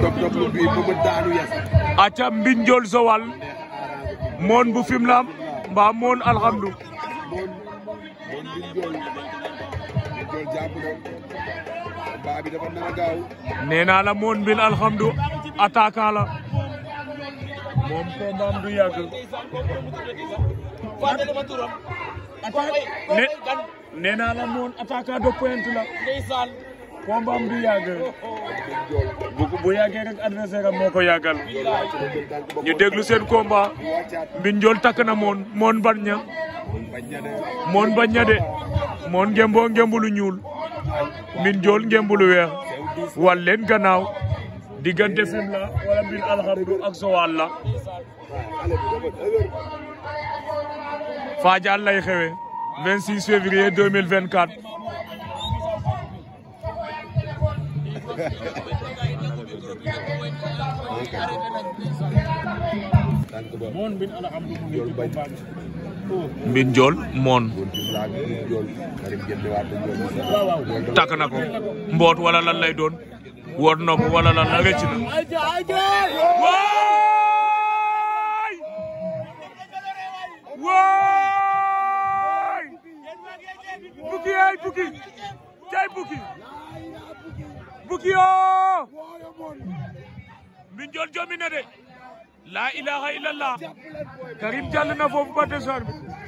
dog dog lu bii sowal moon bu fimlam mbaa moon moon moon mbinjol la moon bin alhamdu attaquant la combat bi yàgg bu bu yàggee rek adversaire am moo ko yàggal ñu Mbinjool takk na moon moon ban ña moon ban ña de moon ngemboo ngembu lu ñuul Mbinjool ngembu weex wal leen gannaaw diggante fim la wala bin alxamdu ak sowal la Fadiane lay xewe 26 mbin njool moon takk na ko mboot wala lan lay doon woor na wala lan la wecc waay waay buki ay buki jay buki Bukiyo Mbinjool jomina de la ilaha illallah Karim jàll na foofu ba desoor bi